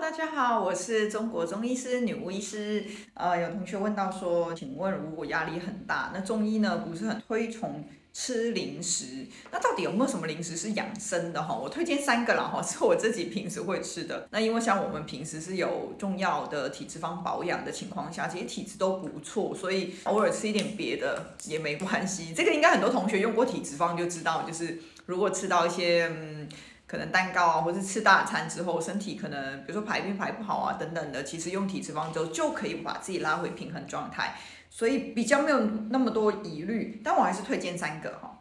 大家好，我是中國中醫師女巫醫師。呃，有同學問到說，請問如果壓力很大，那中醫呢不是很推崇吃零食？那到底有沒有什麼零食是養生的？哈，我推薦三個了哈，是我自己平時會吃的。那因為像我們平時是有重要的體脂肪保養的情況下，其實體質都不錯，所以偶爾吃一點別的也沒關係。這個應該很多同學用過體脂肪就知道，就是如果吃到一些嗯。可能蛋糕啊，或是吃大餐之後，身體可能比如說排便排不好啊等等的，其實用體脂肪之後就可以把自己拉回平衡狀態，所以比較沒有那麼多疑慮。但我還是推薦三個哈。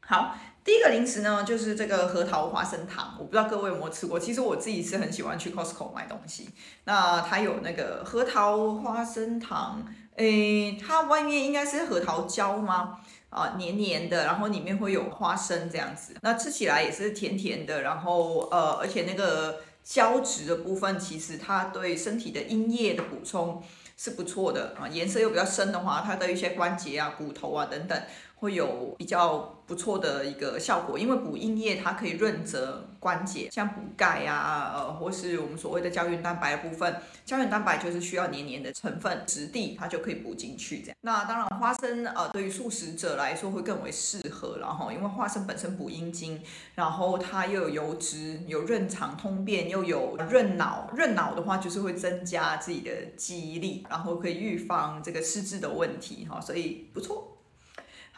好，第一個零食呢就是這個核桃花生糖，我不知道各位有沒有吃過。其實我自己是很喜歡去 Costco 買東西，那它有那個核桃花生糖，誒、欸，它外面應該是核桃膠嗎？啊，黏黏的，然後裡面會有花生這樣子，那吃起來也是甜甜的，然後呃，而且那個膠質的部分，其實它對身體的陰液的補充是不錯的啊，顏色又比較深的話，它對一些關節啊、骨頭啊等等。會有比較不錯的一個效果，因為補陰液它可以潤澤關節，像補鈣啊，呃，或是我們所謂的膠原蛋白的部分，膠原蛋白就是需要黏黏的成分質地，它就可以補進去這樣。那當然花生啊，呃，對於素食者來說會更為適合，然後因為花生本身補陰精，然後它又有油脂，有潤腸通便，又有潤腦，潤腦的話就是會增加自己的記憶力，然後可以預防這個失智的問題哈，所以不錯。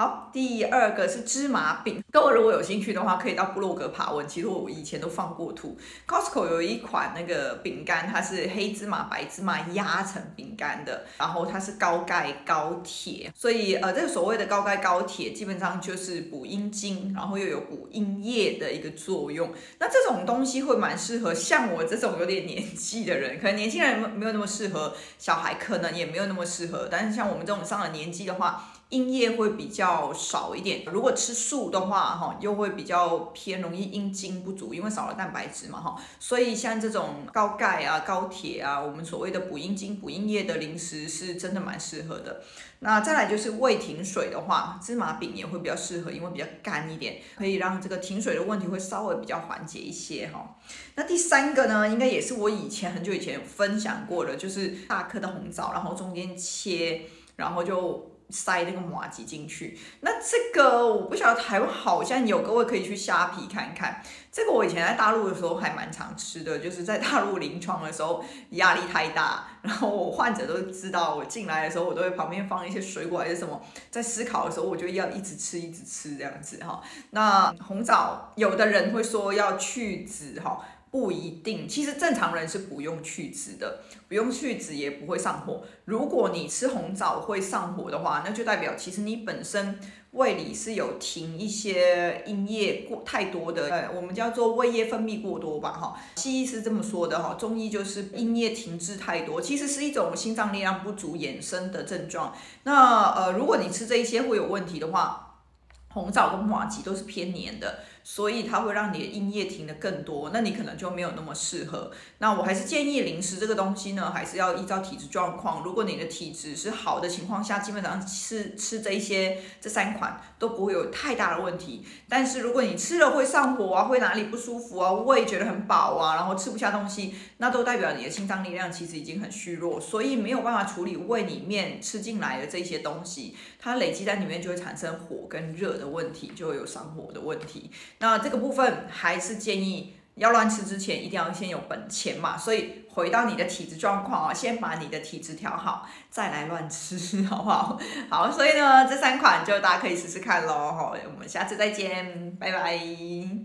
好，第二個是芝麻餅。各位如果有興趣的話，可以到部落格爬文。其實我以前都放過圖。Costco 有一款那個餅乾，它是黑芝麻、白芝麻壓成餅乾的，然後它是高鈣、高鐵，所以呃，這個所謂的高鈣、高鐵基本上就是補陰精，然後又有補陰液的一個作用。那這種東西會蠻適合像我這種有點年紀的人，可能年輕人沒沒有那麼適合，小孩可能也沒有那麼適合，但是像我們這種上了年紀的話，陰液會比較少一點。如果吃素的話，啊哈，又會比較偏容易陰精不足，因為少了蛋白質嘛哈，所以像這種高鈣啊、高鐵啊，我們所謂的補陰精、補陰液的零食是真的蠻適合的。那再來就是胃停水的話，芝麻餅也會比較適合，因為比較乾一點，可以讓這個停水的問題會稍微比較緩解一些哈。那第三個呢，應該也是我以前很久以前分享過的，就是大顆的紅棗，然後中間切，然後就。塞那個麻糬進去，那這個我不曉得，台灣好像有，各位可以去蝦皮看看。這個我以前在大陸的時候還蠻常吃的，就是在大陸臨床的時候壓力太大，然後我患者，都知道我進來的時候，我都會旁邊放一些水果還是什麼，在思考的時候我就要一直吃，一直吃這樣子哈。那紅棗，有的人會說要去籽哈。不一定，其實正常人是不用去籽的，不用去籽也不會上火。如果你吃紅棗會上火的話，那就代表其實你本身胃裡是有停一些陰液過太多的，呃，我們叫做胃液分泌過多吧，哈、哦。西醫是這麼說的，哈，中醫就是陰液停滯太多，其實是一種心臟力量不足衍生的症狀。那呃，如果你吃這一些會有問題的話。紅棗跟麻糬都是偏黏的，所以它會讓你的陰液停的更多，那你可能就沒有那麼適合。那我還是建議零食這個東西呢，還是要依照體質狀況。如果你的體質是好的情況下，基本上吃吃這一些這三款都不會有太大的問題。但是如果你吃了會上火啊，會哪裡不舒服啊，胃覺得很飽啊，然後吃不下東西，那都代表你的心臟力量其實已經很虛弱，所以沒有辦法處理胃裡面吃進來的這些東西，它累積在裡面就會產生火跟熱的問題，就會有上火的問題。那這個部分還是建議要亂吃之前一定要先有本錢嘛，所以回到你的體質狀況哦，先把你的體質調好再來亂吃，好不好？好，所以呢這三款就大家可以試試看嘍，我們下次再見，拜拜。